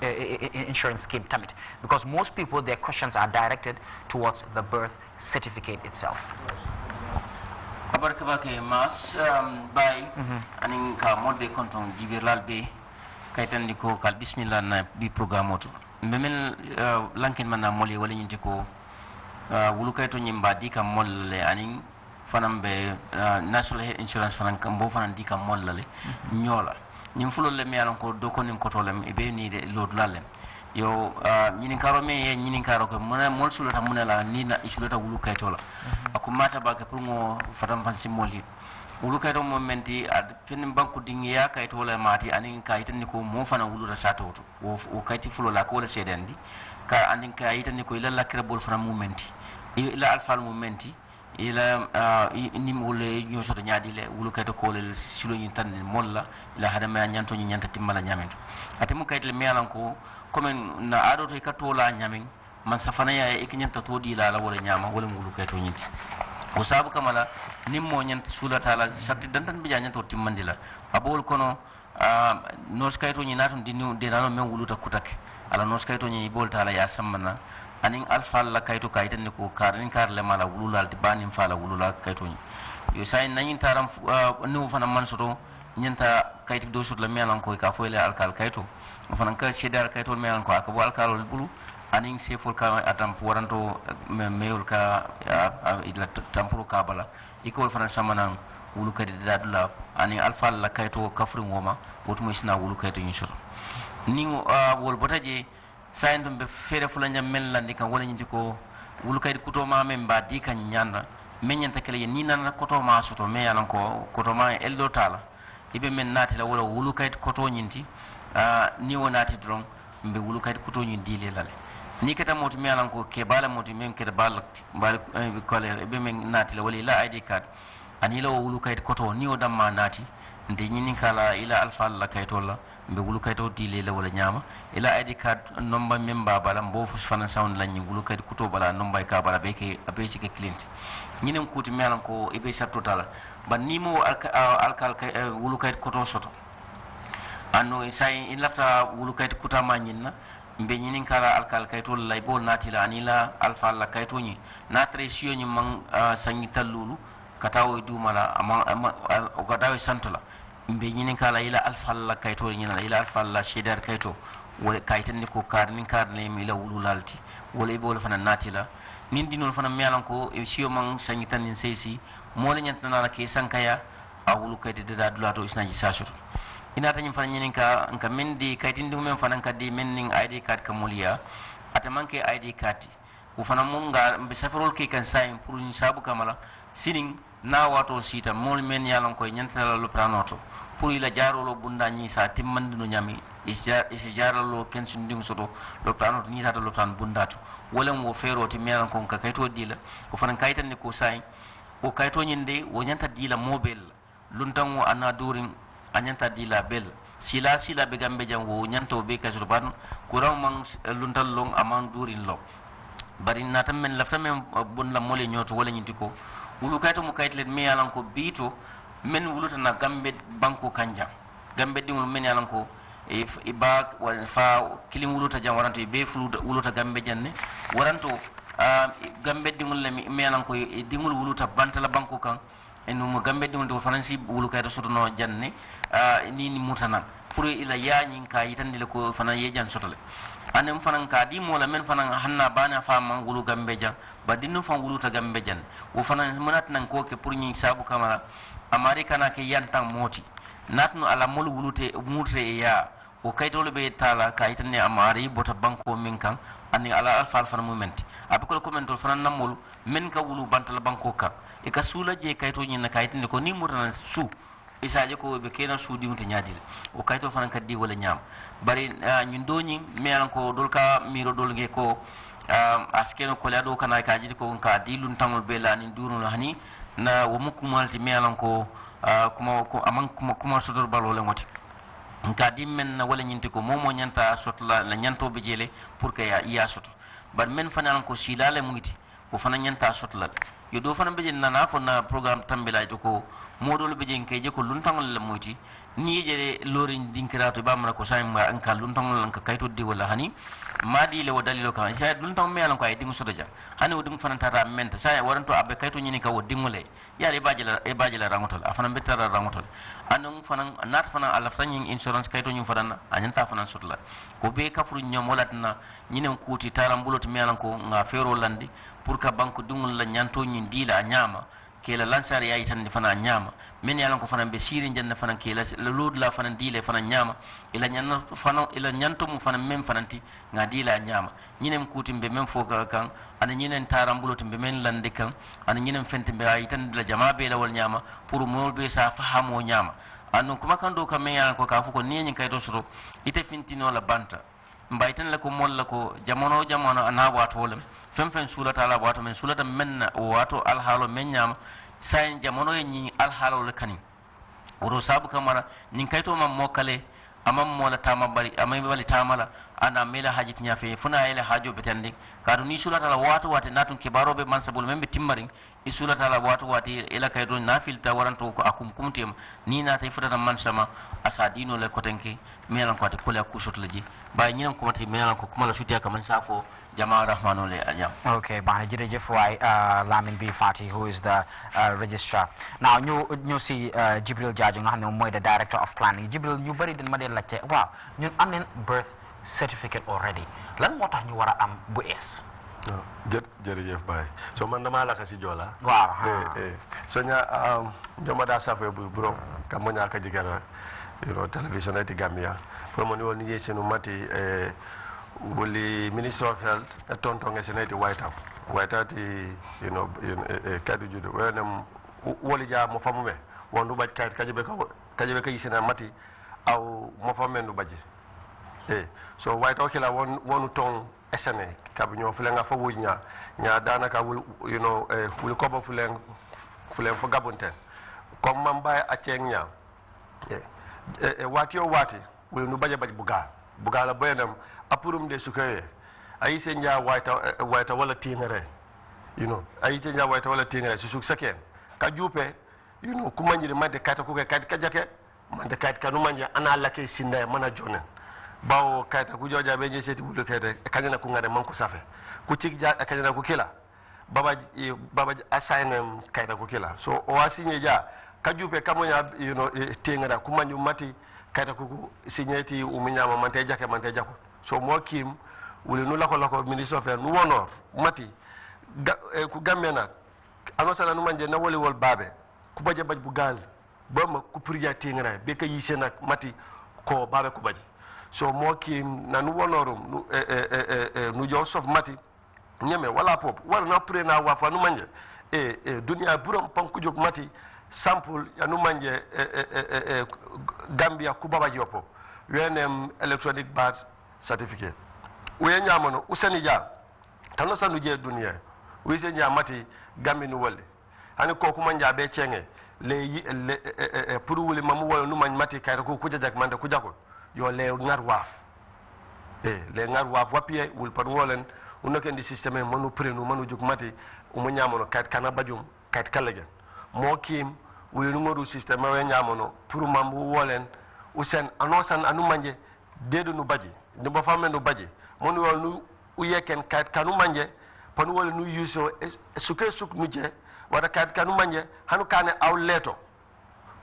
Uh, insurance scheme permit because most people their questions are directed towards the birth certificate itself abarka bake mas um, bay mm-hmm. anin ka modbe konton jibirlal be kaytandi ko kal bismillah na bi programme oto memen uh, lanken man na moli wala nyinte ko uh, wulu kayto nyimba di kam molle anin fanam national insurance fanan kam bo fanan di kam molle mm-hmm. nyola ñiŋ fulolu le miŋ ah, ye a loŋ ko dokonin koto lem i be ni loodula lem yo ñininkaro meŋ ye ñininkaro ke mune moolu sulata mune la ni na i sulata wulu kayito la mhm. a kummata ba ke pour ŋo fatanfansimmoolu ye wulu kayito mo meŋ ti fenin banku diŋiya kayito le maati aniŋ ka yitandi ko moo fana wuluta saatoo to wo kayiti fulo la a ka wo le seedandi ka aniŋ ka yitandi ko i la lakkira fana mu meŋ ti i la mu meŋ ti ila ah, ni nimole ñosoto ñaadile wulukato kolel siloñin tan molla ila hadamaya ñantoñi ñanta timmala ñamento ate mu kayitel miyalan ko commen na to e kattola ñamin man safanaya e ke ñanta to ɗila la wala ñama wala wulukato ñinti o saabu kamala nin mo ñanta suulatala sarti dantan bija ñanta o timmandi la abowol kono ah, nos kayitoñi natum dinni denano men wuluta kutake ala nos kayitoñi boltala ya sammana anin alfa la k'a ita ne ko karin kar le mala wulula ti fa la wulula kaito ni yo sai yin taram ah, ni fana man soto nyanta kaito do soto la melan ko ka kal kaito kayto fana ka shedar kayto melan ko akabo kal bulu anin fo ka atam waranto meul ka ah, ah, ila tampuro ka bala ikol fana nan wulu kadi dadula ani alfa la kaito kafrin woma mo sina wulu kaito ni soto ni wol botaje sayindum be fere fula ñam men landi kan wala ñinti ko wulu kaydi kutoma men mba di kan ñanda men ñanta kele ye ni nanana kotoma soto me yanan ko kotoma eldo tala ibe men naati la wala wulu kaydi koto ñinti uh, ni wo naati doron mbe wulu kaydi kuto ñin diile lale ni kata moti me yanan ko ke bala moti men keta bala bala uh, eh, kolere ibe men naati la wala ila id card ani la wo wulu kaydi koto ni wo damma naati nde ñinin kala ila alfa la kaytol la mbe wulu kayta o dile la wala ñaama ila id ka nomba meme ba bala mbo fo fana sound la ñi wulu kayta kuto bala nomba ka bala be ke abe ke clint ñinen kuti melan ko ibe satto tala ni nimo alkal eh, wulu kayta koto soto anno say in lafta wulu kayta kuta ma ñinna mbe ñinin kala alkal kaytol la bol natila anila alfa la kayto ñi na tresio ñi man ah, sangi tallulu katawo dumala ama ah, o gadawe santola mbe ñinin kala ila alfalla kayto ñinala ila alfalla shedar kayto wala kayten ni ko kar ni kar ne mi la wululalti wala ibo fana natila nin dinol fana miyalan ko e siyo man sangi tan ni seysi mole ñantana la ke sankaya a wulu kayte de dadula to isnaji sasoto ina ta ñin fana ñinin ka nka min di kaytin di men fana kadi men nin id card ka moliya ata manke id card wo fana mun ga mbe safarol ke kan sayin pour ñin sabu kamala sinin na wato sita moolu men ye lon koye ñantala lo to pour ila jaarolo bunda ñi sa timmandino ñami e isi e jaaralo ken sundiŋ soto lo prano to ñitata lo prano bunda to walaŋ wo feero ti melan kon ka kayto dila ko fanaŋ kayitanni ko sayi wo kayito ñin wo ñanta dila mobel luntaŋo ana duriŋ a ñanta dila bel sila sila be gambe jam wo ñanta wo be kasoro ban kuraŋo maŋ eh, luntal loŋ amaŋ durin lo bari natam men lafta men eh, bun la mole ñoto wala ñinti ko wulukayto mu kayitlet me ye lanko biito wuluta na gambe banko kan jaŋ gambe diŋolu men ye lanko i ba fa kilim wuluta jaŋ waranto i bee wuluta gambe janne ne waranto ah, gambe diŋolu le me ye e dingol wuluta bantala banko kaŋ numu gambe diŋolu to fanansi si wulukayito sotono jaŋ ne ah, niŋ mutanaŋ pour ila yaa ka yitandi le ko fanaŋ ye jan soto anen fanan ka di mola men fanan hanna bana fa man wulu gambe jan badinno fan wulu ta gambe jan wo fanan munat nan ko ke pour nyin sabu kama amari kana ke yantan moti natnu ala mol wulute murte ya o kaytolu be tala ka itane amari bota banko min kan ani ala alfa alfa mu menti abe ko ko men tol fanan namol men ka wulu bantal banko ka e ka sula je kayto nyin ka itane ko ni murta su isaje e ko be kenan su dimunta nyadil o kayto fanan kaddi wala nyam bari eh, ñin do ñin ko dol ka miro dol nge ko eh, a sikeno kolya do kana ka jidi ko ka dilun tangol be la nin na hani na wo mu kumalti melan ko eh, kuma ko aman kuma kuma sodor balo le ngoti ka dim men na wala ñinti ko momo ñanta sot la la ñanto be jele pour que ya ya soto bar men fanan ko silale mu ngiti ko fana ñanta sot la yo do fana be na na fo na programme tambila to ko modol be jen ke je ko luntangol le moti ni niijere lorin dinkirato bamana ko sami ma anka luntong lanka kaytudde wala hani madi le wo dalilo kan sa luntong me alan ko ay dingu sodoja hani wo dingu fanan tata menta sa waranto abbe kayto nyini ka wo dingu le yare e bajela e bajela rangotol afana betara rangotol anum fanan nat fanan ala fanan insurance kayto nyum fanan anyanta fanan sotla ko be kafru nyom walatna nyinen kuti tarambulot me alan ko nga fero landi pour ka banko dingul la nyanto nyin dila nyama kela lansar yayi tan fana nyama min ye lanko fana be sirin janna fana ke la lodula fana diila fana ñaama ila ñanna fana ila ñanto mum fana men fananti nga diila ñaama ñinen kuutin be men foka kan ana ñinen tarambulotin be men landi kan ana ñinen fente be a yitandila jama be lawol ñaama pour mool be sa fahamo ñaama annon kuma kan do kam men ye lanko ka fo ko niyeñin kayto soto ite fintino la banta mbayiten le ko mool la ko jamono o jamono ana wato lem fen fen sulata ala wato men sulata men na wato alhaalo men ñaama sayin jamano ye yin alhalar kani kaniŋ sabu kamara nin kai to man mokale a maŋ ta la taama bari a maŋ bali ta mala ana mela la haji ya feŋ funa ya yi la hajo betendiŋ kadu ni i sulata la waati waati naatuŋ bai be mansabulu meŋ be timmariŋ i sulata la waati waati ila kai don na filita waranto ko a kumkumutema niŋ naata i futata mansama a sa diinoo la koteŋ ke meŋ ye lanko ate bàyyi ñi nan kuma ti mena ko kuma la sutiya kaman safo jama'a rahmanu le aljam okay bana way uh, lamin bi fati who is the uh, registrar now ñu ñu si uh, jibril jaaju nga xam ne mooy the director of planning jibril ñu bëri dañ ma dee laajte waaw ñun am nañ birth certificate already lan moo tax ñu war a am bu ees oh, jë jërëjëf Baye so man damaa laka si joola waaw eh, eh. so um, famoni wol ni nije senu mati eh, wuli ministre of health e tontonge sene ti white house ti eh, you know, you know, eh, eh, kadu judo wene woli ja mo famu be wondu baj kayit kajebe ka kajebe ka yisena mati aw mo famu men du baji e eh, so white kila won wonu ton esene kabu ñoo fu nga fa wuj ñaa ñaa danaka wul you know eh, wuli kobo fu len fu fo gabunten comme man baye acceng ñaa eh, eh, eh, wati yo wati wulinu nu baje buga buga la boyanam apurum de sukaye ayi se nya waita wayta wala tingere you know ayi se nya waita wala tingere su suk saken ka jupe you know kuma nyire mande kata ko kata ka jake mande kata kanu manje ana lake sinda mana jonen bawo kata ku joja be je seti wulu kete kanyana ku ngare man ko safe ku tik ja kanyana ku kila baba baba assignem kayta ku kila so o wasinye ja ka jupe kamonya you know eh, tingara kuma mati kayta kuku siñayti umiñama mante jake mante jako so mo kim wuli nu lako lako ministre of nu wonor mati ga, eh, ku gamena ano sala nu manje na woli wol babe ku baje baj bu gal ma ku purja tingra be ka yise nak mati ko babe ku baji so mo kim na nu wonorum nu e e e eh, eh, eh, eh nu sof mati nyeme wala pop wala na prena na fa nu manje e eh, eh, dunia buram mati sample yanu manje eh eh, eh, eh, eh, gambia kubaba jopo unm electronic birth certificate uye ñamono useni dia tanno sandu je duniya wise ña mati gambi nu wolle hani kokuma be ceŋe le, le eh, eh, eh pour wuli mamu wolo nu mañ mati kayta ku kujajak mande kujakol yo le ŋar waaf e le ŋar waaf wapiye wul pat wolen unakendi systéme manu prenu manu juk mati umu ñamono kayt kana bajum kayt kallagen moo kiim wuli nu ŋodu système mawe ñaamono pour mambu wolen usen ano san anu manje dedu nu baji nibo fa nu baji monu wol nu uyeken kayit kanu manje panu wol nu yuso suke suk nu je wada kayit kanu manje hanu kane aw leto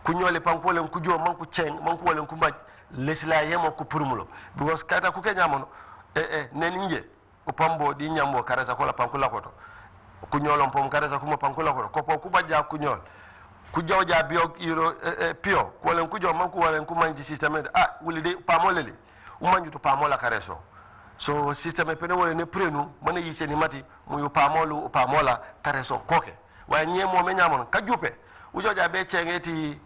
ku ñole pan ku ku jo man ku cieng man ku wolen ku maj lesila yemo ku purmulo because kayita ku ke ñaamono e eh, e eh, nen nje upambo di ñambo karesa kola pan ku lakoto kunyola mpo karesa kuma pankula kono kopo kuba ja kunyola kujaw ja bio iro eh, eh, pio kuwalen kujaw man kuwalen kumanji systeme ah wulide pamolele umanjutu pamola kareso so system pene wole ne prenu mane yise ni mati muyu pamolu pamola kareso koke wa nye mo me nyamon ka jupe ujo ja be chengeti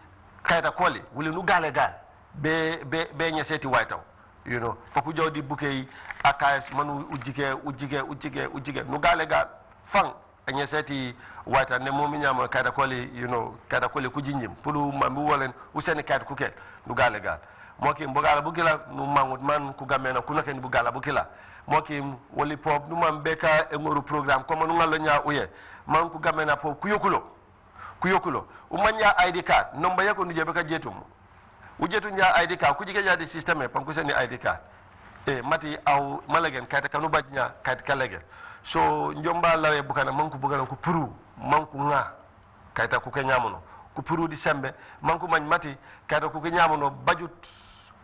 kayta koli wuli nu gale gal be be be nyeseti waitaw you know fakujaw di bukei akais manu ujike ujike ujike ujike nu gale gal fan anya sati wata ne momi nyama kada kole you know kada kole jinjim pulu mambu wolen useni kada kuke nugale gal moki mbogala bukila nu mangut man ku gamena ku ken bugala bukila moki woli pop nu man beka e ngoru program ko manu ngalo nya uye man ku gamena pop yokulo kuyokulo manya id card nomba yako nu jebeka jetum jetu nya id card kujike ya di systeme e pan seni id card e mati au malagen kada kanu bajnya kad kalegen so jomba lawe bukana manku bukana ko puru manku nga kayta ku ke nyamono ko puru di sembe manku mañ mati kayta eh, kuke ke nyamono bajut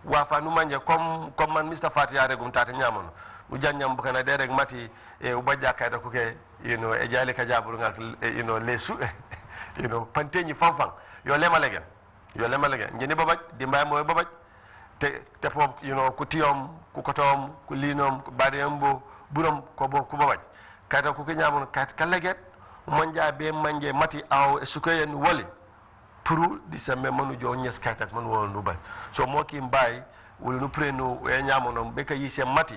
wafa nu manje comme comme man mr fatiya regum tata nyamono nu janjam bukana de reg mati e u bajja kayta ko ke you know e jali ka jabur nga eh, you know lesu you know panteñi fanfan yo lema legen yo lema legen jeni babaj dimbay moy babaj te te pop you know ku tiyom ku kotom ku linom ku badiyambo ɓuram ko babaj kata ko ñamon kat kalleguet manja be manje mati aw e sukoyen wali pour di semme manu jo ñes kaytak man wono ndu bay so ki mbay wala nu preno e ñamonom ɓe ka yise mati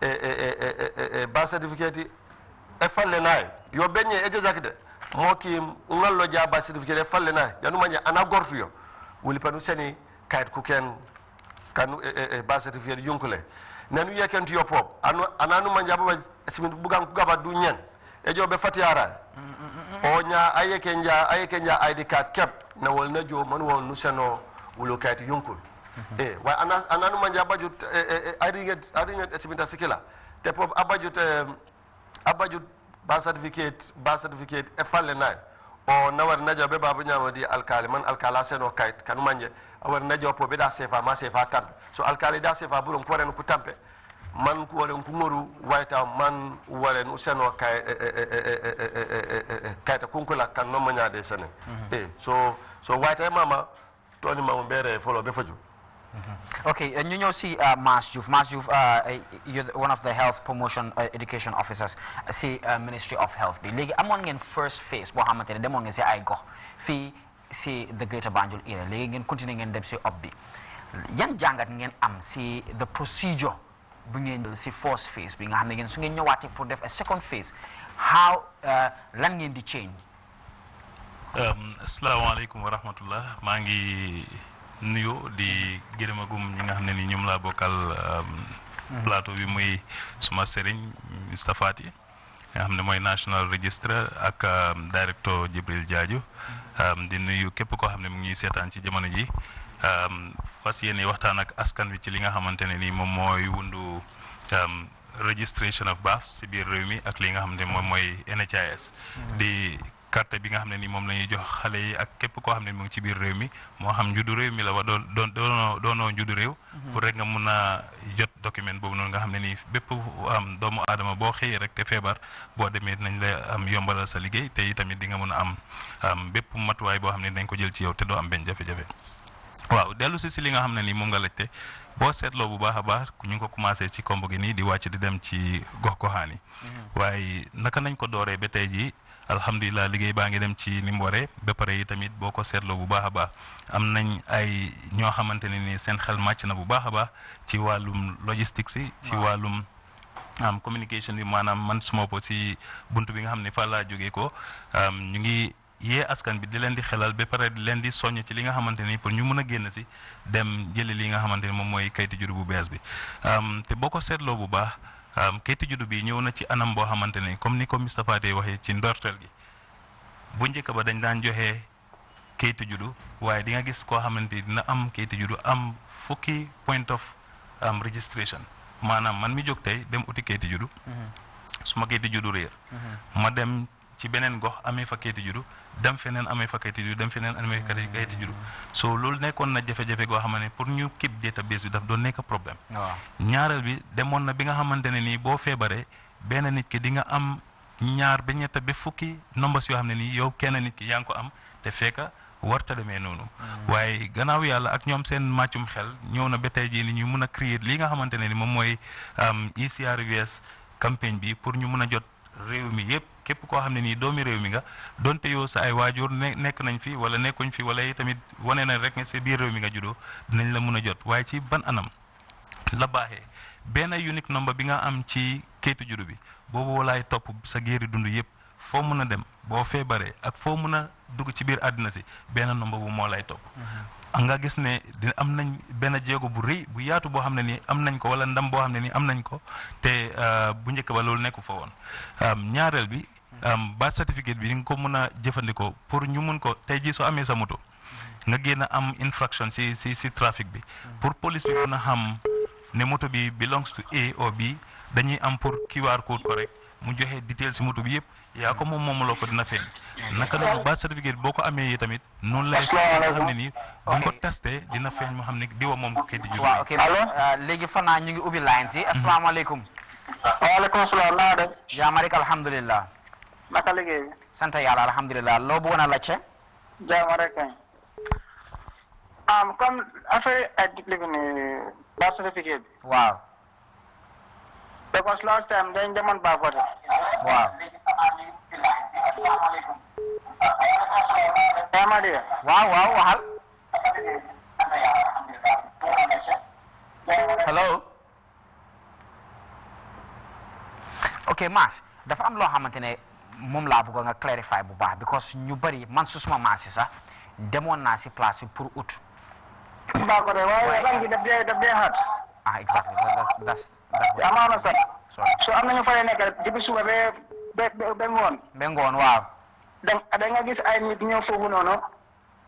e, e e e ba certificate e falle nay yo benye e jajak de ki ngallo ja ba certificate e falle nayi yanumañe ana gortuyo wuli panu seni kayit ken kanu e, e, e ba certificate yunkule nanu yeken yo pop anu ananu manjabo ba simin bugan ku gaba du dunyen e jo be fati ara o nya ayeke nja ayeke nja id card kep na wol na jo man wol nu seno wulo kayt yunkul e wa ananu manjabo ju ariget eh, eh, aringet simin sikila te pop abajut abajut ba certificate ba certificate e falle nay o na war najo be babu nyama di alkali man alkala seno kayit kanu manje war najo po be da sefa ma sefa tampe so alkali da sefa buron ko ren ku tampe man ku wolen ku ngoru wayta man wolen useno kay kayta kunkula kan no manya de sene e so so wayta mama toni ma mbere folo be faju Mm-hmm. ok ñu ñëw si Mass Diouf Mass Diouf uh, uh, you're one of the health promotion uh, education officers si ministry of health bi léegi amoon ngeen first phase boo xamante ne demoon ngeen si ay gox fii si the greater Banjul area léegi ngeen continuer ngeen dem si op bi yan jàngat ngeen am si the procedure bu ngeen si first phase bi nga xam ne ngeen su ngeen ñëwaatee pour def a second phase how lan ngeen di change. Um, asalaamaaleykum wa rahmatullah maa ngi. nuyo di gërëmagum ñi nga xam ne ni ñoom laa bokkal euh, plateau bi muy suma sëriñ Moustapha Ty nga xam ne mooy national registre ak euh, directeur Jibril Diadio euh, di nuyu képp koo xam ne mu ngi seetaan ci jamono ji fas yéene waxtaan ak askan wi ci li nga xamante ne nii moom mooy wundu registration of births si biir réew mi ak li nga xam ne moom mooy NHIS mm. di carte bi nga xam ne ni moom la ñuy jox xale yi ak képp koo xam ne mu ngi ci biir réew mi moo xam njuddu réew mi la wa doon doonoo doonoo njuddu réew mhm. pour rek nga mun a jot document boobu noonu nga xam ne nii bépp am doomu boo xëyee rek feebar boo demee nañ la am yombalal sa liggéey te itamit di nga mun a am am bépp matuwaay boo xam ne dañ ko jël ci yow te doo am benn jafe-jafe waaw dellu si si li nga xam ne nii moom nga te boo seetloo bu baax a baax ku ñu ngi ko commencé ci kombo gi nii di wàcc di dem ci gox goxaan mhm. waaye naka nañ ko dooree ba tey jii alhamdulilah liggéey baa ngi dem ci ni mu waree ba pare yi tamit boo ko seetloo bu baax a baax am nañ ay ñoo xamante ne ni seen xel màcc na bu baax a baax ci wàllum logistique si ci wàllum am communication bi maanaam man suma po si bunt bi nga xam ne fa laa jógee ko ñu ngi yee askan bi di leen di xelal ba pare di leen di soññ ci li nga xamante ni pour ñu mën a génn si dem jëli li nga xamante ni moom mooy kayitu jur bu bees bi te boo ko seetloo bu baax. kayitu juddu bi ñëw na ci anam boo xamante ne comme ni ko Moustapha Dey waxee ci ndorteel gi bu njëkk ba dañ daan joxe kayitu juddu waaye di nga gis koo xamante ni dina am kayitu juddu am fukki point of registration maanaam man mi jóg tey dem uti kayitu juddu. Mhm. su ma kayitu juddu réer. Mhm. ma dem ci beneen gox amee fa kayitu juddu. dem feneen amee fa kayit juddu dem feneen amee fa kayit juddu so loolu nekkoon na jafe-jafe goo xam ne pour ñu keep database bi daf doon nekk problème. ñaareel bi demoon na bi nga xamante ne nii boo feebaree benn nit ki di nga am ñaar ba ñett ba fukki nombres yoo xam ne nii yow kenn nit ki yaa ngi ko am te fekka warta demee noonu. Mm. waaye gannaaw yàlla ak ñoom seen màccum xel ñëw na ba tey jii ni ñu mun a créer lii nga xamante ne ni moom mooy um, ECRVS campagne bi pour ñu mun a jot réew mi yëpp. képp koo xam ne nii doomi réew mi nga donte yoo sa ay waajur ne nekk nañ fi wala nekkuñ fi wala yi tamit wane na rek ne si biir réew mi nga juddoo dinañ la mun a jot waaye ci ban anam la baaxee benn unique number bi nga am ci kayitu juddu bi boobu walaay topp sa géeri dund yëpp foo mun a dem boo feebaree ak foo mën a dugg ci biir àddina si benn number bu moo lay topp. Mm-hmm. nga gis ne dina am nañ benn jéego bu rëy bu yaatu boo xam ne nii am nañ ko wala ndam boo xam ne nii am nañ ko te euh, bu njëkk ba nekku fa ba certificate bi di nga ko mën a jëfandikoo pour ñu mën ko tey ji soo amee sa moto nga génn am infraction si si bi pour police bi mën a xam ne moto bi belongs to A or dañuy am pour QR code ko rek mu joxe detail si moto bi yëpp yaa ko moom moom loo ko dina feeñ naka noonu ba certificate boo ko amee yi tamit noonu lay nga xam ne nii bu ko testé dina feeñ mu xam ne diwa moom ko kayit di ah, léegi fan ñu ngi ubbi lines yi mhm. asalaamaaleykum waaleykum naka liggéey bi. sant yàlla alhamdulilah loo bëggoon a laajte. jaama rek kañ. am comme affaire ay diplôme ni ba certificat waaw. because last time dañ waaw. waaw waxal. hello. ok Mass dafa am loo xamante ne. moom laa bëggoon nga clarify bu baax because ñu bëri man su suma maasi sax demoon naa si place bi pour ut. baa ko de waaye lan gi daf dee daf dee xaat. ah exactly das das. amaana sax. soo am nañu fa nekk depuis suba bee bee bee ngoon. bee ngoon waaw. da nga gis ay nit ñëw foofu noonu.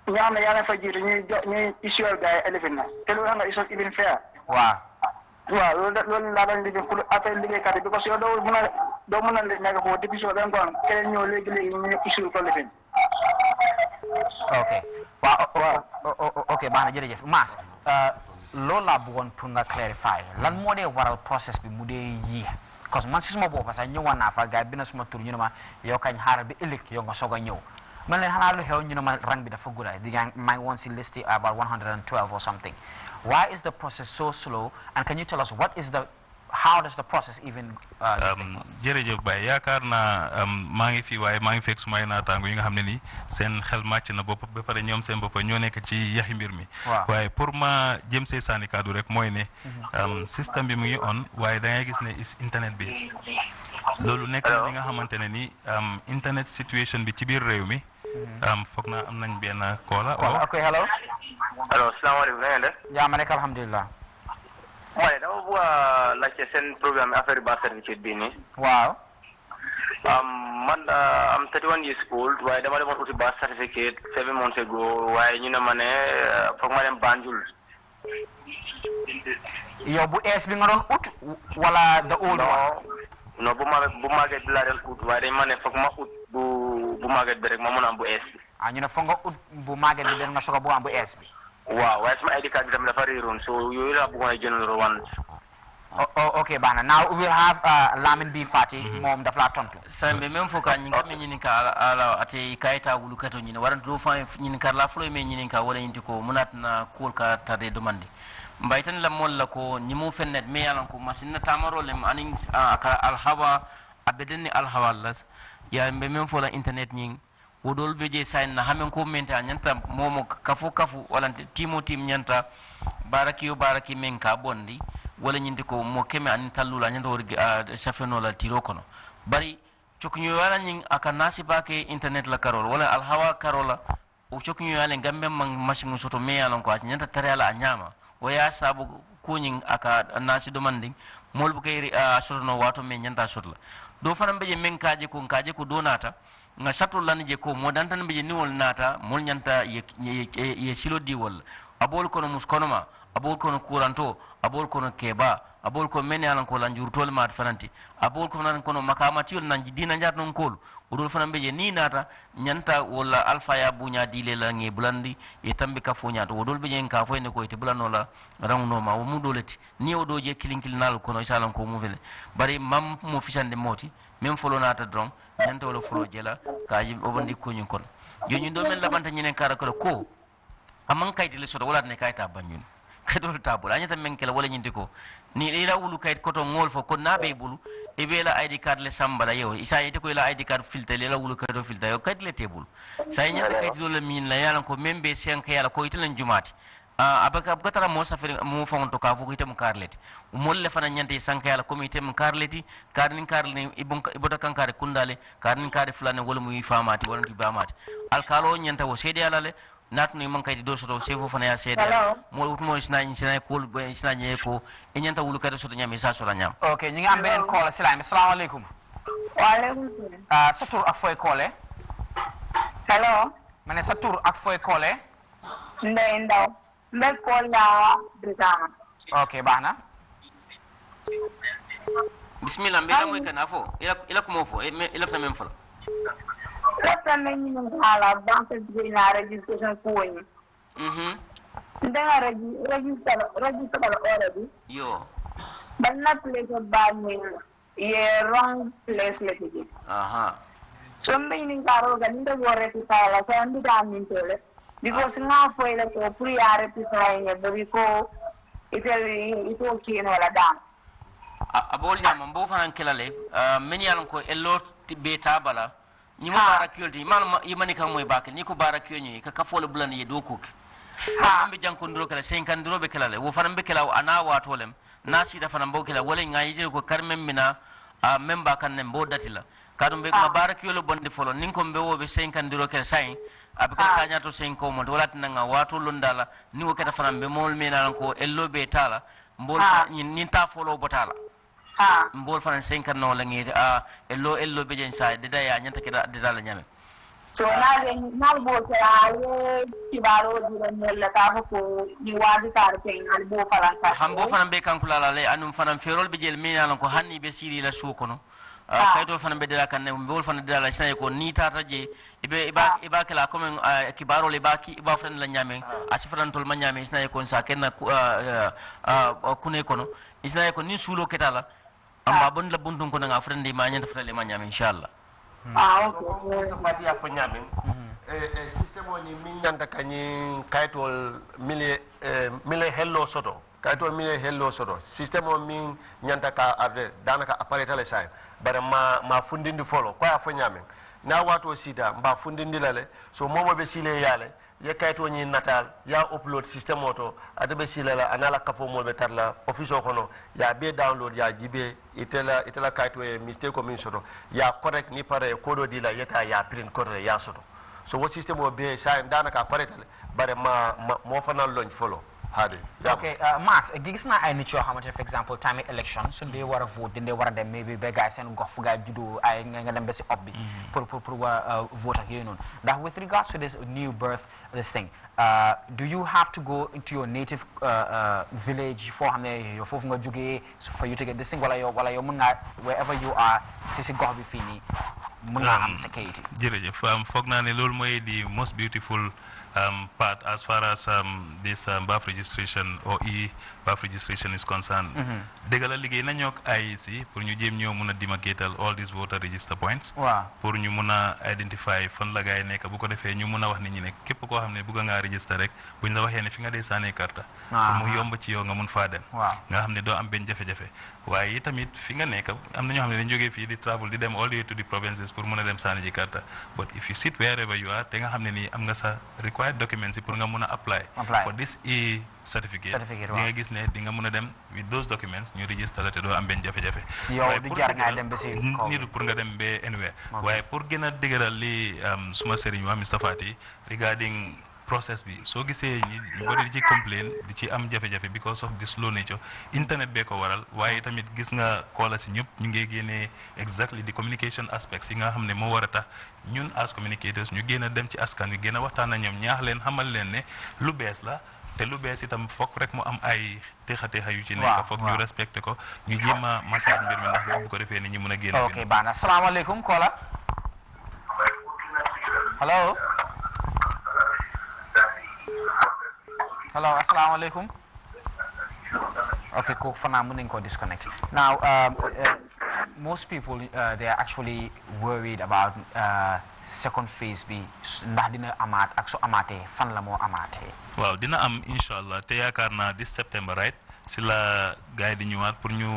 ñoo xam ne yaa ngi fa jiitu ñuy jo ñuy issuer gars yi élevin na te loolu xam nga issuer ibin fair. waaw. waaw loolu loolu laa daan liggéey pour affaire liggéeykat yi kan bi parce que doo mën a doo mën a nekk foofu depuis suba benn ngoon keneen ñëw léegi léegi ñu ñëpp suñu toll ok waaw waaw ok baax na jërëjëf loolu laa bëggoon pour nga clarify lan moo dee waral process bi mu dee yii cause man si suma boobu sax ñëwoon naa fa gars bi na suma tur ñu ne ma yow kañ xaaral bi ëllëg yow nga soog a ñëw man leen xanaa lu xew ñu ne ma rang bi dafa gudda di nga maa ngi woon si liste eh, about 112 or something Why is the process so slow? And can you tell is the how does the process even? Uh, um, jërëjëf Baye yaakaar naa um, maa ngi fi waaye maa ngi fekk sumay naataango yi nga xam ne nii seen xel màcc na bopp ba pare ñoom seen bopp ñoo nekk ci yaxi mbir mi. waaye pour ma jëm see saani kaddu rek mooy ne. Mhm. Um, système bi mu ngi on waaye dangay gis ne is internet based loolu nekk na nga xamante ne nii internet situation bi ci biir réew mi. Mhm. foog naa am nañ benn koola. waaw alors salaamaaleykum na ngeen def. jaama alhamdulilah. ma ne dama bëgg a laajte seen programme affaire bi certificat bii nii. waaw. man uh, am 31 years old waaye dama demoon uti ba certificate seven months ago waaye ñu ne ma ne uh, foog ma dem Banjul. yow bu ees bi nga doon ut wala the old one. bu ma bu màgget bi laa doon ut waaye ma ne foog ma bu bu màgget bi rek ma mën a bu ees Ah, a ñu ne fa nga ut bu magen bi den nga soga bu am bu es bi waaw waaye sama id card itam dafa réeroon so yooyu laa yoyla bugona jënoro wan ok bana now we have uh, lamin bi fati mhm. moom daf laa tontu bi même fo ka ñi ngi me ñini ka ala ate kayta gulu kato ñi ne waran do fa ñini kar la flo me ñini ka wala ñinti ko munat na kool ka tade demande mbay tan la mol la ko ñi mu fen net me yalan ko masina tamaro lem anin aka ah, alhawa abeden ni alhawa las ya mbe même fo la internet ñing kudol be je sayin na hamen ko men ta nyanta momo kafu kafu wala timo tim nyanta baraki yo baraki men ka bondi wala nyindi ko mo keme an tallula nyanta wor uh, safeno la tiro kono bari cokinyo wala nyin aka nasi ke internet la karol wala alhawa karola o cokinyo wala gambe man masin soto me yalon ko nyanta tare ala nyama ya sabu kunyin aka nasi do mandin molbu kay uh, soto no wato men nyanta sotla do fanan be je men kaje ko kaje ko donata nga satol lan je ko mo dantan be je niwol nata mol nyanta ye, ye, ye, ye silo diwol abol kono muskono ma abol kono kuranto abol kono keba abol ko mene alan ko lanjurtol mat fananti abol ko nan kono makamatiyol nan dina njar non kol odol fanan be je ni nata nyanta wala alfa ya bunya dile la ngi bulandi e tambi ka fonya nyaata odol be je ka fo ne ko ite bulano la no ma o mu doleti ni odo je kilin kilinal kono isalan ko mu vele bari mam mo fisande moti mem folo nata dron ñanta wala fulo jela ka yim o bandi ko ñun kon yo ñun do men labanta ñene kara ko ko amman kayti le soto wala ne kayta banyun kaydol tabul anyata men kala wala ñindi ko ni ila wulu kayt koto ngol fo ko nabe bulu e be la id card le sambala yo isa yete ko ila id card filter le la wulu kaydo filter yo kayt le tebul sa ñata kayti do le min la yalan ko membe sen ka yala ko itilan jumaati abaka ah, tara mo safari mo fonto ka fo mo karleti molle fana nyante sanka yala komi item karleti karnin karlin ibon ibota kankare kundale karnin kare fulane wala mu famati wol ti bamati alkalo nyanta wo sede yala le natu ni mankayti do soto sefo fana ya sede mo wutmo isna isna kol isna nye ko e nyanta wulu kare soto nyami sa soto nyam okay nyinga am benen call salam assalamu alaikum wa alaikum ah satur ak foy kole hello mané satur ak foy e ndey ndaw me pollawa brigama ok bana bisimila mbe ila kana fo ila ila fo e, ila fta men fola ila fta men ni ngala banque de na registration ko ni mhm ndanga register register yo banna place ba ni ye wrong place le tiji aha sombe ni ngaro ga nda gore tisala so andi da min tole because ngafoyla e ko priyare pisaye bari ko itel ito e kino wala dam abol nyama mbo fanan kelale min yalan ko ello be tabala ni mo bara kyolti mal yimani e kan moy bakel ni ko bara ni ka kafol bulan ye dokuk ha ambe jankon dro kala 50 dro be kelale wo fanan be kelaw ana watolem nasi da fanan bo kela wala ngayi ko karmen mina a memba kan nem bo datila kadum be ma bara bonde folo nin ko be wo be 50 dro kala sai abe ah. ka kaña to senko mo wala tan nga wato londala ni wo kata fanan be mol me nan ko ello be tala mbol ah. ni ta folo botala ha ah. mbol fanan senka no la ngi a ello ello be jen sa de daya nyanta keda de dala nyame to na le na bo ta ye kibaro di ron la ta ko ni wadi tar pe an bo fanan ta han bo fanan be kan kula la le anum fanan ferol be jel me nan ko hanni be siri la suko no Ah, kayitol fana be dela kanne bewol fana dela la sinan ko ni tata je ibe iba iba kala comme ah, kibaro le baki iba fana la nyame asi fana tol ma nyame sinan ye ko sa kenna ah, kune kono no ye ko ni sulo ketala amba bon la buntun kono nga fana di ma nyanta fana le ma nyame inshallah ah ok so fati dia fo nyame e o ni min nyanta kanyi kayitol mille eh, mille hello soto kato min ye hello soto système o min ñanta ka ave danaka appareil tale sai bare ma ma fundindi folo ko ya fo ñamen na wato sida mba fundindi la le so momo be sile yale ye kayto ni natal ya upload system o to sile la anala kafo mol be tarla office o kono ya be download ya jibe itela itela kayto e mistake ko min soto ya correct ni pare do dila yeta ya print kodo ya soto so wo system o be saye danaka appareta le bare ma, ma mo fanal loñ folo Oke Okay, uh, Mas, gigs na ay nito how much for example time election so they were vote then they were them maybe be guys and go fuga judo ay nga dem besi obbi mm-hmm. pour pour pour uh, vote ak with regards to this new birth this thing. Uh, do you have to go into your native uh, uh, village foo xam ne yow foofu nga jógee for you to get this thing wala yow wala yow mën ngaa wherever you are si gox bi fii nii mën ngaa am sa kayit um, um, foog naa ne loolu mooy the most beautiful um, part as far as um, this um, birth registration or e birth registration is concerned mm-hmm. dëgg la liggéey nañoo ak IEC pour ñu jéem ñoo mun a demarcatal all these voter register points waaw pour ñu mun a identify fan la gaay nekk bu ko defee ñu mun a wax nit ñi ne képp koo xam ne bëgg ngaa registré rek bu ñu la waxee ne fi nga dee saanee carte mu yomb ci yow nga mun faa dem nga xam ne am jafe-jafe waaye tamit fi nga nekk am na ñoo dañ di travel di dem all the way to the provinces pour mun dem saani ji carte but if you sit wherever you are tengah nga xam ne am nga sa required documents yi pour nga mun apply for this e certificate di nga gis ne di nga dem with those documents ñu register la te amben am benn jafe-jafe yow du jar nga dem ba si niitu pour nga dem ba anywhere waaye pour gën a dëgëral um, suma sëriñ Mr Fati regarding process bi soo gisee ñi ñu bëri di ci complain di ci am jafe-jafe because of the slow nature internet bee ko waral waaye tamit gis nga koola si ñëpp ñu ngi génnee exactly di communication aspects yi nga xam ne moo war a tax ñun as communicators ñu génn a dem ci askan wi génna waxtaan ak ñoom ñaax leen xamal leen ne lu bees la te lu bees itam foog rek mu am ay teexa teexa yu ci nekk foog ñu respecté ko ñu jéem a masaat mbir mi ndax bu ko defee ni ñu mën a génn ok baax na salaamaaleykum koola hello asalaamaaleykum okay kooku for now ko can disconnect now um, uh, most people uh, they are actually worried about uh, second phase bi ndax dina amaat ak su amaatee fan la moo amaatee waaw dina am incha allah te yaakaar naa this september right si la gars yi di ñëwaat pour ñu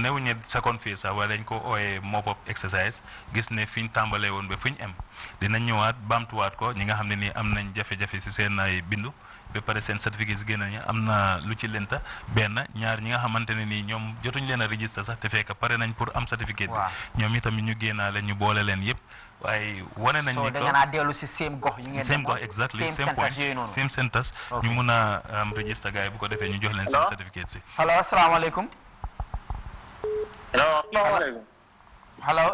new ñe second phase sax waaye dañ ko ooyee mop up exercise gis ne fi ñu tàmbalee woon bi fu ñu am dina ñëwaat baamtuwaat ko ñi nga xam ne nii am nañ jafe-jafe si seen bindu ba pare seen certificat génn nañu am na lu ci lenta benn ñaar ñi nga xamante ne nii ñoom jotuñ leen a registré sax te fekk pare nañ pour am certificat bi ñoom itamit ñu génnaale ñu boole leen yëpp waaye wane nañ ni da dellu si same gox yi ngeen same gox exactly same point same centres ñu mun a am registré gars bu ko defee ñu jox leen seen certificat si allo asalaamaaleykum allo asalaamaaleykum allo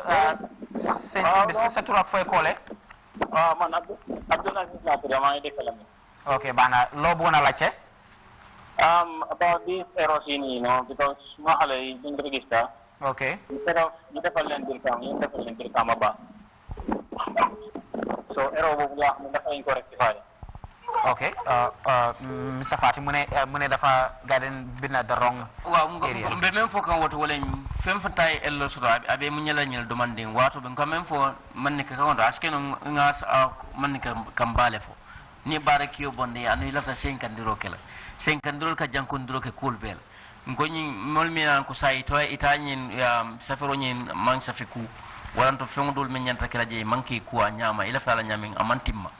uh, sa tur ak fooy koole waaw ah, man Abdou Okay, Bana, Lobuna Lache? Um, about this erosion, you know, because Mahalay in Kyrgyzstan. Okay. Instead of Nitapal and Birkam, Nitapal and Birkam Abba. So, error will be incorrect. Okay, uh, uh, Mr. Mm, Fati, mune, uh, mune dafa garden bina the wrong well, area. Well, mbe memfo kan watu wale fem fatai ello sura abe munyala nyel demanding watu ben kan memfo manne kan watu aske no ngas manne kan fo. ni bara kiyo bonde anu lafta kandiro kela sen kandiro ka jankondiro ke kuol bel ngo ni molmi nan ko sayi to ita ñin um, safero man safi ku to feŋdol men ñanta kela je ku a nyama ila fala nyami aman timma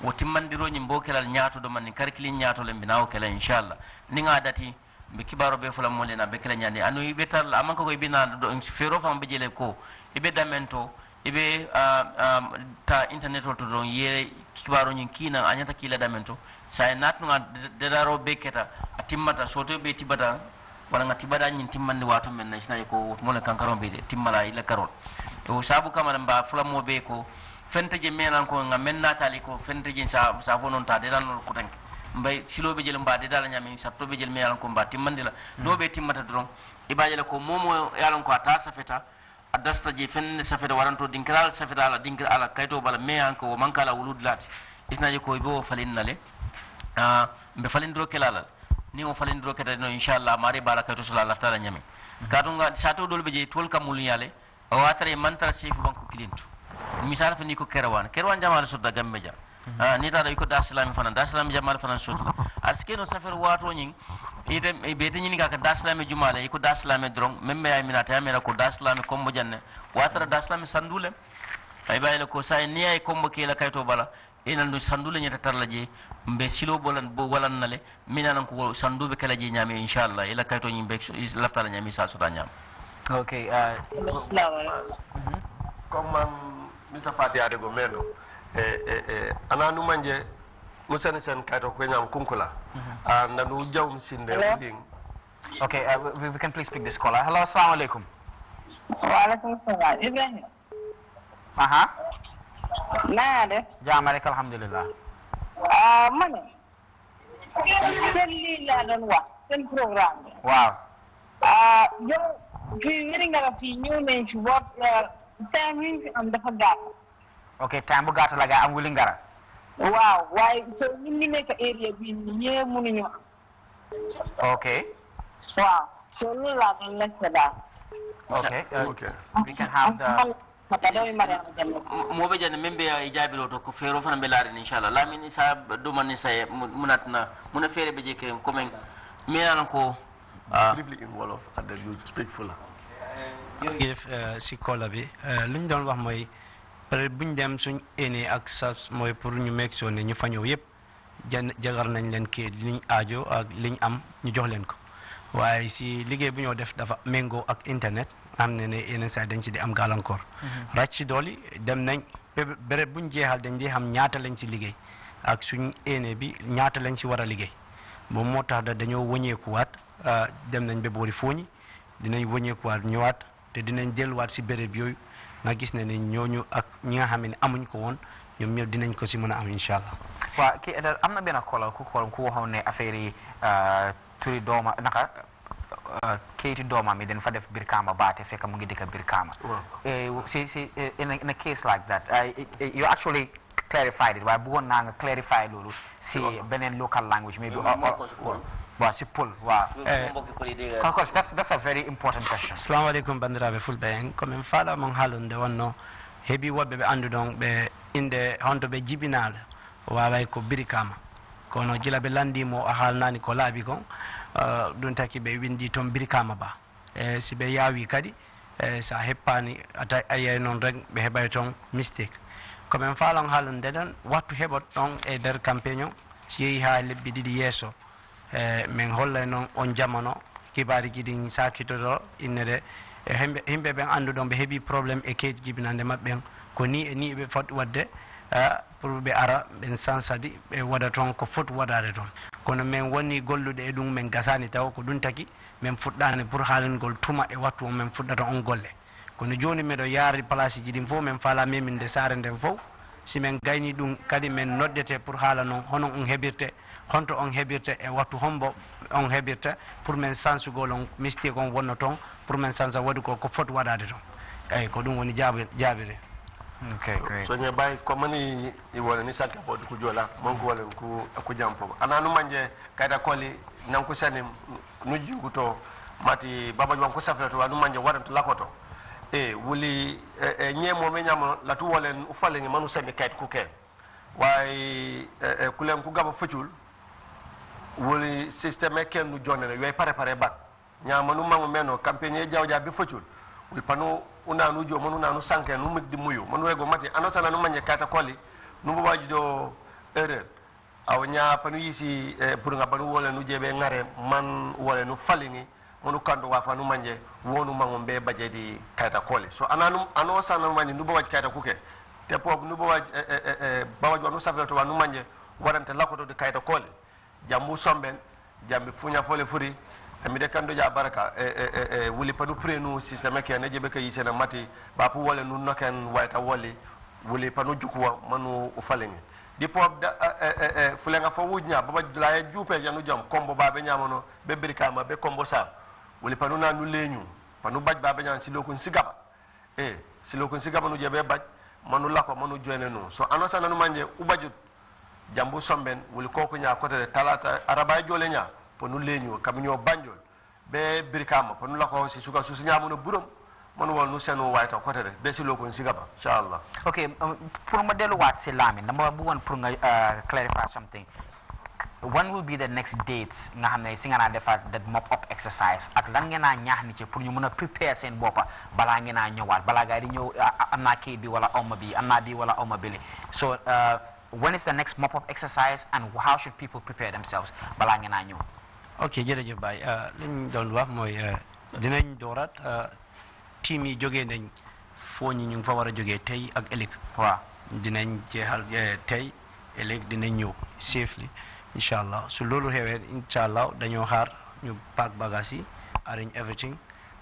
wo timmandiro ñin bo kelal do manni kar nyaato le mbinawo kela inshallah ni ŋa dati be kibaro be fula mole na be kala nyani anu ibe tarla aman ka ko ibina fero fam be jele ko ibe damen to ibe uh, um, ta internet to don ye kibaro ñin kinan añata kila damen to saye natuga dedaro be keta a timmata soto be tibata wala nga tibada ñin timmandi wato men na sina ko wotmole kankaron be timmala ila karol o sabu kamala mba fulamo be ko fente je menan ko nga men natali ko fente je sa sa fonon ta de lanol ko tanke mbay silo be jel mba de dala nyami sa to be jel menan ko mba timmandi la do hmm. be timmata dron ibaje ko momo yalon ko ata safeta adasta je fenne safeta waranto dinkira ala safeta ala dinkira ala kayto bala me anko wo manka ala wulud lati isnaje ko ibo falin nale uh, mbe falin dro kelala ni o falin dro keta no inshallah mari bala kayto sala Allah taala nyame kadunga sato dolbe je tol kamul yale o atare mantara sefu banko kilintu misal fa ni ko kerwan kerwan jamal sodda gambe jaa Ah, ni tara iko dasilami fana daslami jamal fana sotula aɗa sikeno safere wato ñing ite ɓeyte ñininga kaka dasilami jumala iko daslami drong même ya yamina ta yamira ko daslami combo janne watara daslami sandule ay ɓayla ko ni niya e combo kela kayto bala ina e ɗum sandule ñeta tarla je mbe silo bolan bo walannale minanan ko sanduɓe kala je ñami inchallah ila kayto ñing be laftala ñami sa sota ñama ok ah. mhm. comme misa fati ade go men Eh, eh, eh. ananu manje musani sen kato ko nyam kunkula mhm. and ah, nanu jawm sinde wuding okay uh, we, can please pick this caller hello assalamu alaikum wa alaikum assalam ibrahim aha na de jaam rek alhamdulillah ah man sen li la ah, fi ñew nañ ci wat time am dafa gàtt ok tambu gata laga am wuli ngara waaw waaye so ñun ñi nekk area bi ñee mënuñu am ok waaw so loolu laa doon lekk daal ok uh, ok We can have the mobe jani min be ijabi lo to ko fero fana be laari inshallah la min isa do man isa munatna muna fere be jeke comme mi nan ko briefly in wolof at the uh, si kola bi uh, luñ don wax moy période bu ñu dem suñ énee ak SARS mooy pour ñu meeg soo ne ñu fañoo yëpp jan jagar nañ leen kii liñ aajo ak liñ am ñu jox leen ko waaye si liggéey bu ñoo def dafa méngoo ak internet am na ne yeneen dañ si di am gàllankoor. Mhm. ràcc dooli dem nañ béréb bu ñu jeexal dañ di xam ñaata lañ si liggéey ak suñ énee bi ñaata lañ si war a liggéey moom moo tax da dañoo wëñeekuwaat ah, dem nañ ba boori fooñi dinañ wëñeekuwaat ñëwaat te dinañ delluwaat si béréb yooyu. nga gis ne ni ñooñu ak ñi nga xam ne amuñ ko woon ñoom ñëpp dinañ ko si mën a am incha allah. waaw am na benn kola ku xool ku waxoon ne affaire yi euh, turi dooma naka euh, kayiti doomam yi dañ fa def Brikama Baate fekk mu ngi dëkk Brikama. waaw eh, si si eh, in a case like that eh, you actually clarified it waaye bëggoon naa nga clarify loolu. si beneen local language maybe. Uh, uh, wasipol wa eh. course that's that's a very important question assalamu alaikum bandiraɓe fulɓe hen komin faala mon haalunde wonno heeɓi woɓɓe ɓe andu ɗon ɓe inde honto ɓe jibinaɗo waway ko birikama kono gila ɓe landimo o haalnani ko laaɓi kon uh, ɗum taki ɓe windi toon birikama ba e si ɓe yaawi kadi e sa heppani ata yiyay noon rek ɓe heɓay toon mistake komin faalon haalunde ɗon wattu heɓot ɗon e nder campagne o si yeehi ha lebbi ɗiɗi yesso Eh, min hollay noon on jamano kibaari jiɗin sakitoɗo innede eh, himɓe ɓen ɗon ɓe heeɓi probléme e keeji jibinande maɓɓen ko ni e ni e ɓe foti wadde pour ɓe ara ɓen sansadi ɓe waɗa toon ko foti waɗade toon kono min woni gollude e ɗum min gasani taw ko ɗum tagi min fuɗɗani pour haalingol tuma e wattu o min fuɗɗata on golle kono joni miɗo yaari place ji ɗin fof min fala memin nde saare nden fof si min gayni ɗum kadi min noddete pour haala noon hono on heɓirte honto on heɓirta e wattu hombo on heɓirta pour men sansugol on mistie kon wonno toon pour men sansa waɗi ko ko foti waɗade toon eyyi ko ɗum woni jaabire soñe bay commani iwole ni sanke ko joola jola ko wole ko ku jampo ana nu manje kayta koli nan ku sani nu jugu to mati baba wan ku safle to nu manje wadan to lakoto e wuli e, e nyemo me la latu wolen ufale ni manu sani kayta ku ken way e, e, kulen ku gaba fucul wole systeme kennu jonnene yoy pare pare bat nu mamu meno campagne jawja bi focul wol panu nu jo manu nanu sanke nu di muyu manu wego mati sala nu manye kata koli nu waji do erreur aw ña panu yisi eh, pour nga banu wole nu jébé ngaré man wole nu falini manu kando wa nu manje wonu mamu be baje di kata koli so ananu anosana nu manje nu bawaj kata kuke te pop nu bawaj eh, eh, eh, eh bawaji wanu safel nu wanu manje warante lakoto di kata koli jambu somben jambi funya fole furi amide kando ja baraka e e e, e wuli padu prenu systeme ke ne jebe ke yisena mati bapu wale nun noken waita wali wuli panu jukuwa manu ufalemi. dipo da, e, e, e, e fulenga fo wujnya baba laye jupe janu jam kombo babe nyamono be birkama be kombo sa wuli panu na nu lenyu panu baj babe nyan silokun sigaba e silokun sigaba nu jebe baj manu lako manu joene nu so anosa nanu manje ubajut jambu somben wuli koku nya kota de talata arabay jole nya ponu leñu banjol be birkama ponu la ko si suka susi nya mono burum mon wol nu senu wayta kote de be si sigaba inshallah okay um, pour ma delu wat si lami dama bu won pour nga uh, clarify something when will be the next dates nga xamne si nga na defat that mop up exercise ak lan ngeen na ñaax ni ci pour ñu mëna prepare seen bopa bala ngeen na ñëwaat bala gaay di ñëw ah, ah, am na bi wala omma bi am bi wala omma bi so uh, when is the next mop-up exercise and how should people prepare themselves balaa ngeen a ñëw ok jërëjëf Baye uh, liñ doon wax mooy dinañ uh, dooraat uh, team yi jógee nañ foo ñi ñu ngi fa war a jógee tey ak elik waaw dinañ jeexal eh, tey ëllëg dinañ ñëw safely Inshallah. allah su loolu xewee incha allah xaar ñu pack bagage yi arrange everything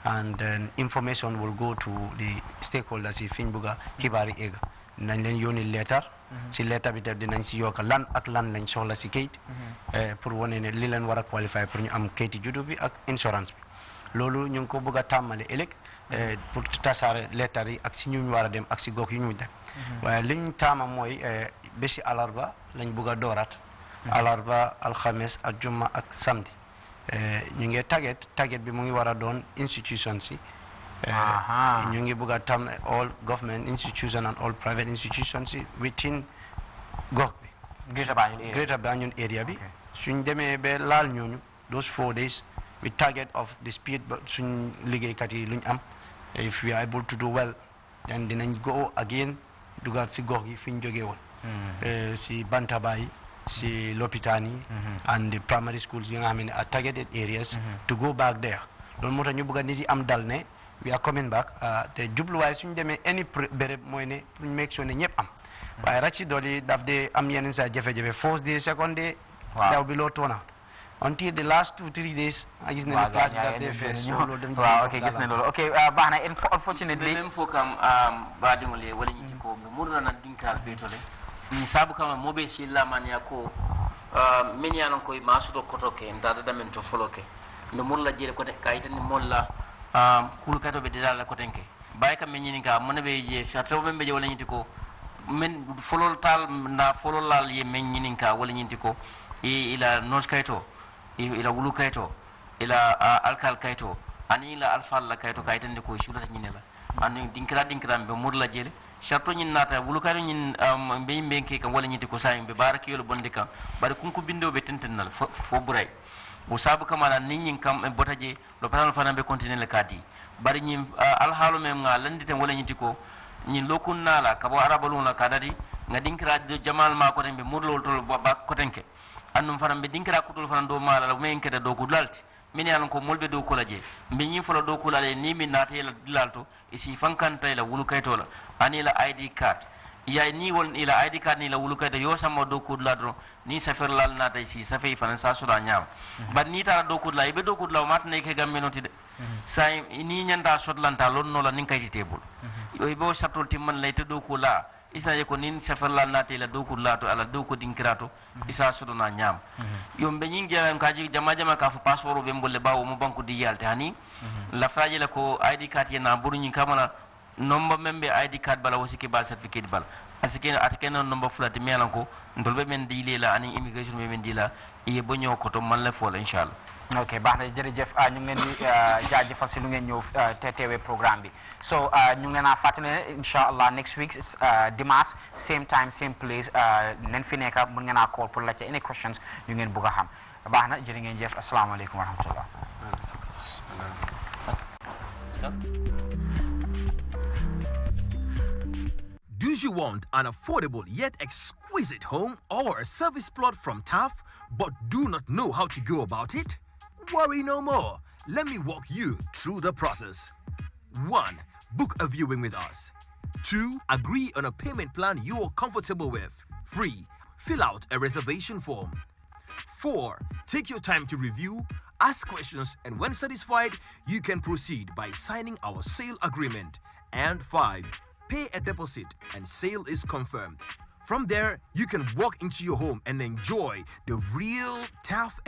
and then information will go to the stakeholders if fi ñu bugg a xibaar yi egg nañ leen yónni leetar Mm-hmm. si leeta bi def dinañ si yokk lan ak lan lañ soxla si kayit mm-hmm. eh, pour wane ne li leen war a qualifier pour ñu am kayiti juddu bi ak insurance bi loolu ñu ngi ko bëgg a tàmmale ëllëg eh, pour tasaare leetar yi ak si ñu war a dem ak si gox yu ñu dem mm-hmm. waaye li ñu taama mooy eh, bési alarba lañ bëgg a dooraat alarba alxames ak juma ak samedi ñu ngi tàgget tàgget bi mu ngi war a doon institution si uh, uh-huh. in Yungibuga town, all government institutions and all private institutions within Gokbe, Greater Banyan area. Greater Banyan area. Okay. Be. lal ñooñu those four days we target of the speed but liggéeykat yi luñ if we are able to do well then then go again to si gox gi fi ñu si Bantaba si Lopitani, mm-hmm. and the primary schools yi nga are targeted areas mm-hmm. to go back there Don't tax ñu bëgg nit am dal ne we are coming back ah, te jubluwaay suñ demee any béréb mooy ne pour ñu make sure ne ñëpp am waaye racci dooli daf dee am yeneen saa jafe-jafe first day second day daw bi loo toona until the last two three days. waaw ah, gis nañu place bi daf dee fees waaw ok gis nañu loolu ok ah, baax na unfortunately même fo kam baadiŋole wala ñi dikko mais murna na dinkaal beetole hmm, saabu kama moo be si lamaniya ko min ye a lon koy maa soto koto ke ntaata damen to folo ke nde murla jeele kote ka yitandi moolu la um, ah, kulu kato be deda kotenke bay kam me ñininka mona be je sarto men be je wala ñinti men folol tal na folol lal ye men ñininka wala ñinti i ila nos kayto ila wulu kayto ila uh, alkal kayto ani ila alfal la kayto kaytande ko sulata ñinela ani dinkira dinkira be murla jele sharto ñin naata wulukaaru ñin um, be yimɓe ke kam wala ñinti ko sayin be baara kiyolu bonde kam bari kunku bindoɓe tentennal fo, fo buray wo saabu kamala niŋ ñiŋ kam bota je lopitalo fanaŋ be kontine le ka di bari ñiŋ uh, ah, alhaalo meŋ ŋa landiten wo le ñiti ko ñiŋ lokunna la ka bo arabaluŋo la ka dati ŋa dinkira jamal maa koteŋ be murulol tol ba koteŋ ke annum fanaŋ be dinkira kutol fanaŋ do maa la la wo meŋ keta dookudula le ti min ye a loŋ ko moolu be dooku la je mbe ñiŋ fola dooku la le niŋ min naata ye la dilal to i si fankanta i la wulukayito la aniŋ la id card iya ni wol ila aidi card ni la wulu kayta yo samma do la dron ni safir lal nata si sa safe fana sa sura ñam mhm. bat ni tara do la ibe do kudla o matne ke gam menoti de mhm. sa ni ñanta sotlanta lon no la nin kayti tebul mhm. yo ibe o satol timman lay te do kula isa ye ko nin safir lal nata ila do la to ala do kudin kirato isa sudona ñam yo be ñing ka kaji jama jama ka fa passeport be mbolle bawo mo banku di yalte hani la fraje la ko aidi card ye na buru ñing kamala nomba men id card bala wosi ke ba certificate bala asike atake non nomba fulati mi alan ko ndolbe men diile la ani immigration be men diila iye boño koto man la fol inshallah ok baax na jërëjëf ñu ngi leen di ah, jaajëfal si lu ngeen ñëw ah, teewe programme bi so ñu ah, ngi leen a fàttali allah next week dimanche same time same place nen fi nekk mën ngeen a call pour laajte any questions yu ngeen bugg a xam baax na jërë ngeen jëf asalaamaaleykum wa rahmatullah Do you want an affordable yet exquisite home or a service plot from TAF but do not know how to go about it? Worry no more. Let me walk you through the process. 1. Book a viewing with us. 2. Agree on a payment plan you're comfortable with. 3. Fill out a reservation form. 4. Take your time to review, ask questions, and when satisfied, you can proceed by signing our sale agreement. And 5 pay a deposit, and sale is confirmed. From there, you can walk into your home and enjoy the real tough